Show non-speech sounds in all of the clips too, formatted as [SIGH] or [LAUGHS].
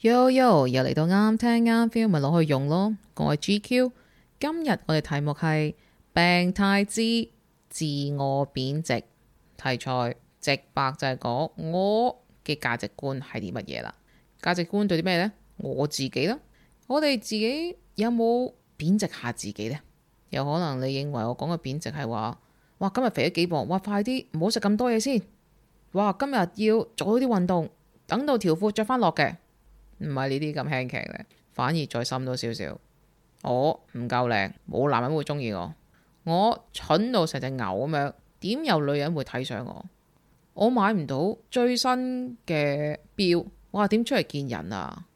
Yo yo，又嚟到啱聽啱 feel，咪攞去用咯。各位 GQ，今日我哋題目係病態之自我貶值題材，直白就係講我嘅價值觀係啲乜嘢啦。價值觀對啲咩呢？我自己啦，我哋自己有冇貶值下自己呢？有可能你認為我講嘅貶值係話，哇今日肥咗幾磅，哇快啲唔好食咁多嘢先，哇今日要做好啲運動，等到條褲着返落嘅。唔係呢啲咁輕劇咧，反而再深多少少。我唔夠靚，冇男人會中意我。我蠢到成隻牛咁樣，點有女人會睇上我？我買唔到最新嘅錶，哇，點出嚟見人啊？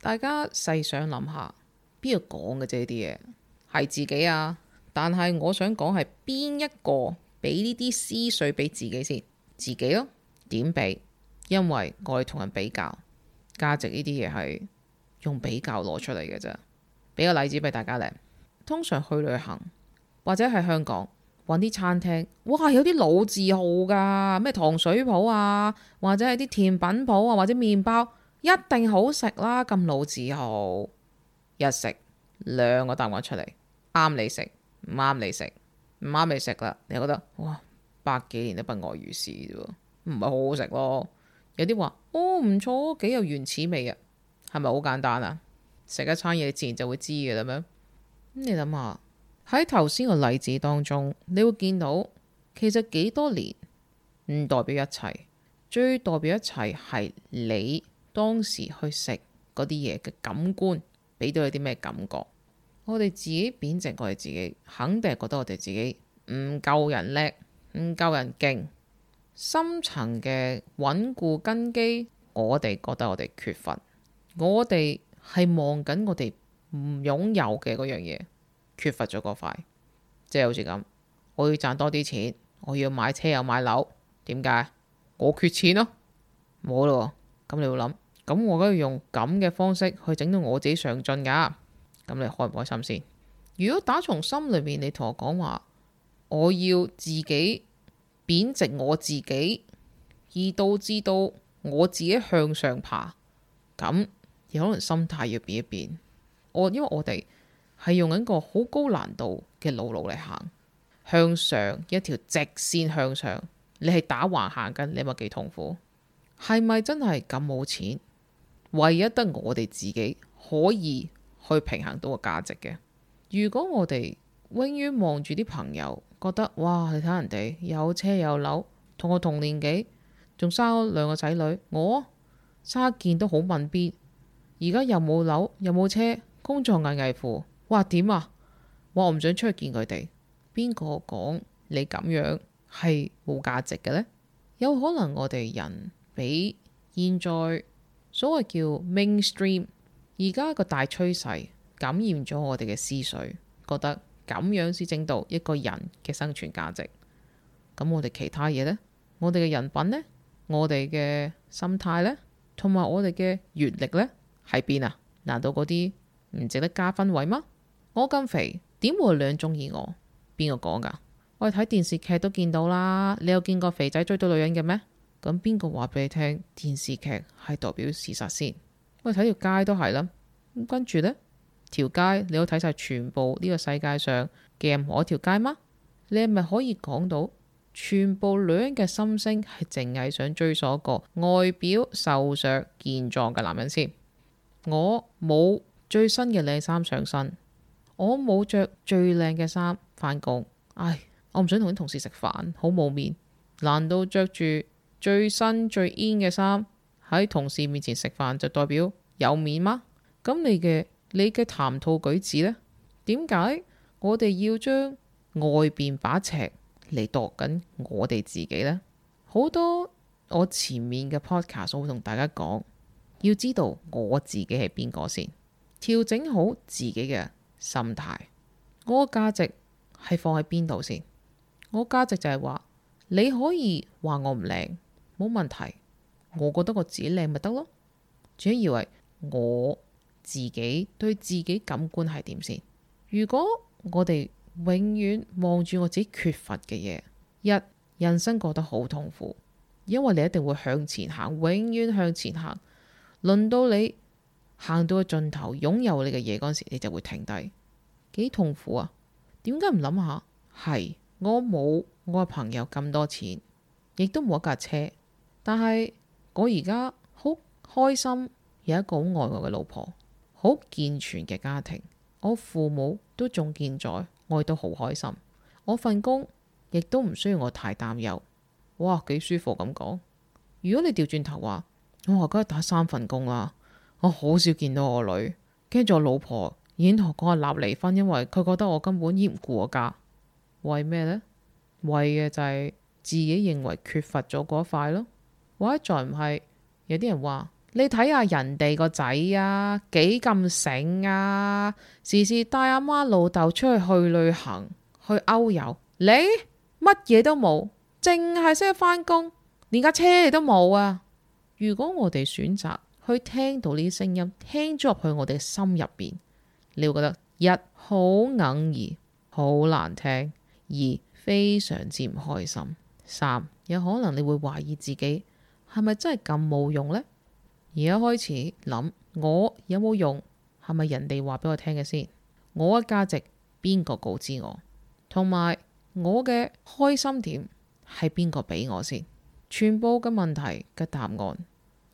大家細想諗下，邊度講嘅啫呢啲嘢？係自己啊，但係我想講係邊一個俾呢啲思緒俾自己先，自己咯。點比？因為我哋同人比較。價值呢啲嘢係用比較攞出嚟嘅咋，俾個例子俾大家咧。通常去旅行或者喺香港揾啲餐廳，哇有啲老字號噶，咩糖水鋪啊，或者係啲甜品鋪啊，或者麵包一定好食啦，咁老字號一食兩個答案出嚟，啱你食唔啱你食唔啱你食啦，你覺得哇百幾年都不外如是啫，唔係好好食咯。有啲話哦唔錯，幾有原始味啊，係咪好簡單啊？食一餐嘢自然就會知嘅啦咩？咁你諗下喺頭先個例子當中，你會見到其實幾多年唔代表一切，最代表一切係你當時去食嗰啲嘢嘅感官俾到你啲咩感覺？我哋自己貶值我哋自己，肯定係覺得我哋自己唔夠人叻，唔夠人勁。深層嘅穩固根基，我哋覺得我哋缺乏，我哋係望緊我哋唔擁有嘅嗰樣嘢，缺乏咗嗰塊，即係好似咁，我要賺多啲錢，我要買車又買樓，點解？我缺錢咯、啊，冇咯，咁你會諗，咁我都要用咁嘅方式去整到我自己上進噶，咁你開唔開心先？如果打從心裏面你同我講話，我要自己。貶值我自己，而導致到我自己向上爬，咁有可能心態要變一變。我因為我哋係用緊個好高難度嘅路路嚟行，向上一條直綫向上，你係打橫行緊，你咪幾痛苦？係咪真係咁冇錢？唯一得我哋自己可以去平衡到個價值嘅。如果我哋永遠望住啲朋友。覺得哇，你睇人哋有車有樓，同我同年紀，仲生咗兩個仔女，我、哦、生一件都好問邊，而家又冇樓又冇車，工作挨挨扶，哇點啊，我唔想出去見佢哋。邊個講你咁樣係冇價值嘅呢？有可能我哋人俾現在所謂叫 mainstream，而家個大趨勢感染咗我哋嘅思緒，覺得。咁樣先整到，一個人嘅生存價值。咁我哋其他嘢呢？我哋嘅人品呢？我哋嘅心態呢？同埋我哋嘅閱歷呢？喺邊啊？難道嗰啲唔值得加分位嗎？我咁肥，點會有女人中意我？邊個講噶？我哋睇電視劇都見到啦，你有見過肥仔追到女人嘅咩？咁邊個話俾你聽？電視劇係代表事實先。我哋睇條街都係啦。跟住呢，條街你都睇晒全部呢個世界上嘅任何一條街嗎？你係咪可以講到全部女人嘅心聲係淨係想追索個外表瘦削健壯嘅男人先？我冇最新嘅靚衫上身，我冇着最靚嘅衫翻工。唉，我唔想同啲同事食飯，好冇面。難道着住最新最 in 嘅衫喺同事面前食飯就代表有面嗎？咁你嘅？你嘅談吐舉止呢？點解我哋要將外邊把尺嚟度緊我哋自己呢？好多我前面嘅 podcast 我會同大家講，要知道我自己係邊個先，調整好自己嘅心態，我嘅價值係放喺邊度先？我價值就係話，你可以話我唔靚，冇問題，我覺得我自己靚咪得咯，主要以為我。自己對自己感官係點先？如果我哋永遠望住我自己缺乏嘅嘢，一人生過得好痛苦，因為你一定會向前行，永遠向前行。輪到你行到個盡頭，擁有你嘅嘢嗰時，你就會停低，幾痛苦啊？點解唔諗下？係我冇我嘅朋友咁多錢，亦都冇一架車，但係我而家好開心，有一個好愛我嘅老婆。好健全嘅家庭，我父母都仲健在，我亦都好開心。我份工亦都唔需要我太擔憂，哇，幾舒服咁講。如果你調轉頭話，我而家打三份工啦，我好少見到我女，跟住我老婆已經同我講要立離婚，因為佢覺得我根本唔顧我家。為咩呢？為嘅就係自己認為缺乏咗嗰一塊咯。或者再唔係，有啲人話。你睇下人哋個仔啊，幾咁醒啊，時時帶阿媽老豆出去去旅行去歐遊。你乜嘢都冇，淨係識得翻工，連架車你都冇啊。如果我哋選擇去聽到呢啲聲音，聽咗入去我哋嘅心入邊，你會覺得一好哽耳，好難聽；二非常之唔開心；三有可能你會懷疑自己係咪真係咁冇用呢？而家開始諗，我有冇用係咪人哋話俾我聽嘅先？我嘅價值邊個告知我？同埋我嘅開心點係邊個俾我先？全部嘅問題嘅答案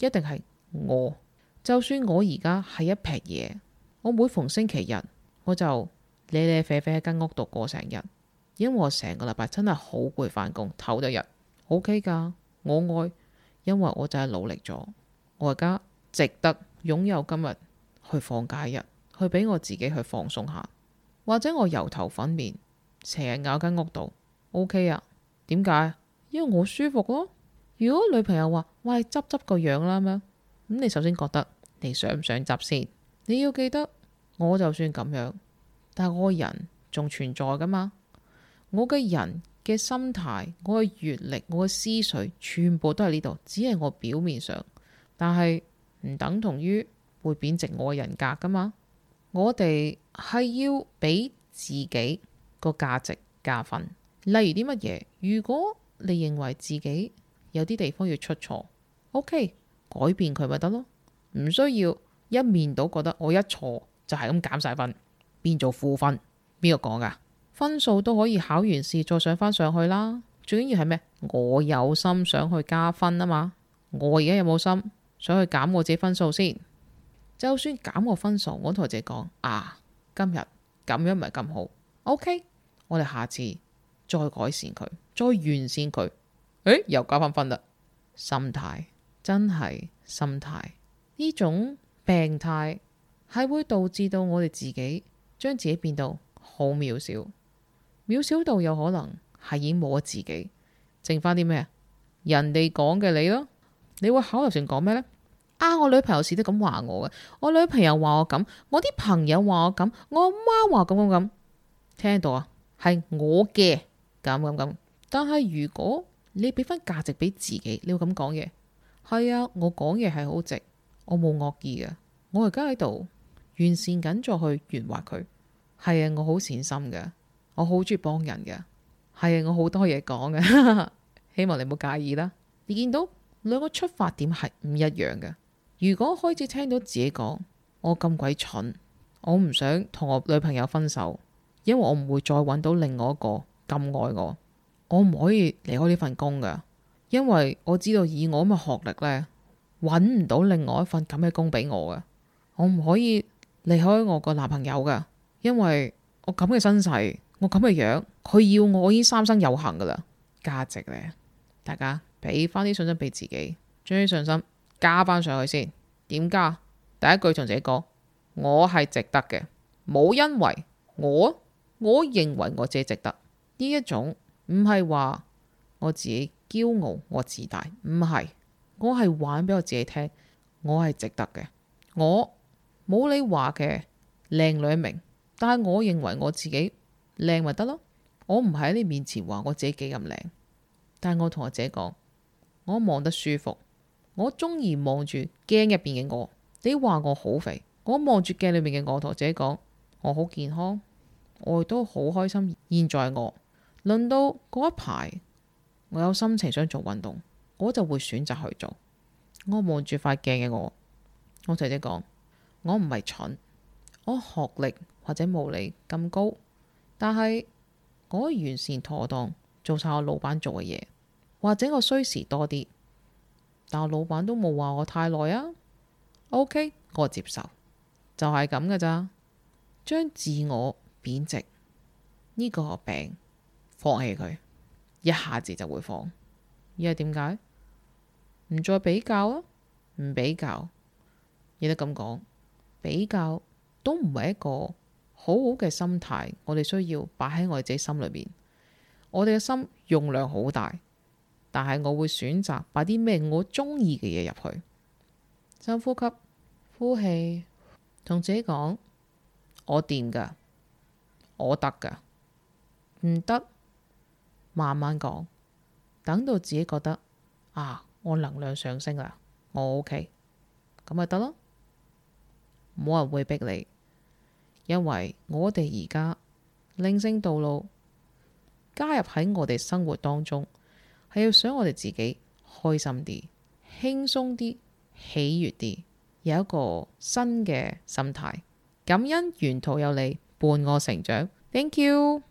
一定係我。就算我而家係一撇嘢，我每逢星期日我就唎唎啡啡喺間屋度過成日，因為我成個禮拜真係好攰，返工唞咗日，OK 㗎。我愛，因為我就係努力咗。我而家值得擁有今日去放假日，去俾我自己去放鬆下，或者我油頭粉面成日咬間屋度 OK 啊？點解？因為我舒服咯。如果女朋友話，喂，執執個樣啦咩？咁樣，咁你首先覺得你想唔想執先？你要記得，我就算咁樣，但係我個人仲存在噶嘛。我嘅人嘅心態，我嘅閱歷，我嘅思緒，全部都喺呢度，只係我表面上。但係唔等同於會貶值我嘅人格㗎嘛？我哋係要俾自己個價值加分。例如啲乜嘢？如果你認為自己有啲地方要出錯，OK，改變佢咪得咯。唔需要一面都覺得我一錯就係咁減晒分，變做負分。邊個講㗎？分數都可以考完試再上返上去啦。最緊要係咩？我有心想去加分啊嘛。我而家有冇心？想去減我自己分數先？就算減我分數，我同自己講啊，今日咁樣唔係咁好，OK，我哋下次再改善佢，再完善佢，誒、哎，又加翻分啦。心態真係心態呢種病態，係會導致到我哋自己將自己變到好渺小，渺小到有可能係已經冇咗自己，剩翻啲咩啊？人哋講嘅你咯。你會口頭上講咩呢？啊，我女朋友始終咁話我嘅，我女朋友話我咁，我啲朋友話我咁，我阿媽話咁咁咁，聽到啊，係我嘅咁咁咁。但係如果你俾翻價值俾自己，你會咁講嘢。係啊，我講嘢係好直，我冇惡意嘅，我而家喺度完善緊再去圓滑佢。係啊，我好善心嘅，我好中意幫人嘅。係啊，我好多嘢講嘅， [LAUGHS] 希望你冇介意啦。你見到？兩個出發點係唔一樣嘅。如果開始聽到自己講，我咁鬼蠢，我唔想同我女朋友分手，因為我唔會再搵到另外一個咁愛我。我唔可以離開呢份工嘅，因為我知道以我咁嘅學歷呢，搵唔到另外一份咁嘅工俾我嘅。我唔可以離開我個男朋友嘅，因為我咁嘅身世，我咁嘅樣，樣，佢要我，我已經三生有幸噶啦。價值咧，大家。俾翻啲信心俾自己，將啲信心加翻上去先。點加？第一句同自己講，我係值得嘅，冇因為我，我認為我自己值得，呢一種唔係話我自己驕傲，我自大，唔係，我係玩俾我自己聽，我係值得嘅。我冇你話嘅靚女名，但係我認為我自己靚咪得咯。我唔係喺你面前話我自己幾咁靚，但係我同我自己講。我望得舒服，我中意望住鏡入邊嘅我。你話我好肥，我望住鏡裏面嘅我，同自己講我好健康，我亦都好開心。現在我輪到嗰一排，我有心情想做運動，我就會選擇去做。我望住塊鏡嘅我，我同自己講我唔係蠢，我學歷或者冇你咁高，但係我可以完善妥當，做晒我老闆做嘅嘢。或者我需時多啲，但老闆都冇話我太耐啊。OK，我接受就係咁嘅咋。將自我貶值呢個病放棄佢，一下子就會放。而係點解唔再比較啊？唔比較，亦都咁講，比較都唔係一個好好嘅心態。我哋需要擺喺我哋自己心裏邊，我哋嘅心用量好大。但係我會選擇擺啲咩我中意嘅嘢入去。深呼吸，呼氣，同自己講：我掂㗎，我得㗎，唔得。慢慢講，等到自己覺得啊，我能量上升啦，我 OK 咁咪得咯。冇人會逼你，因為我哋而家靈性道路加入喺我哋生活當中。係要想我哋自己開心啲、輕鬆啲、喜悅啲，有一個新嘅心態。感恩沿途有你伴我成長，thank you。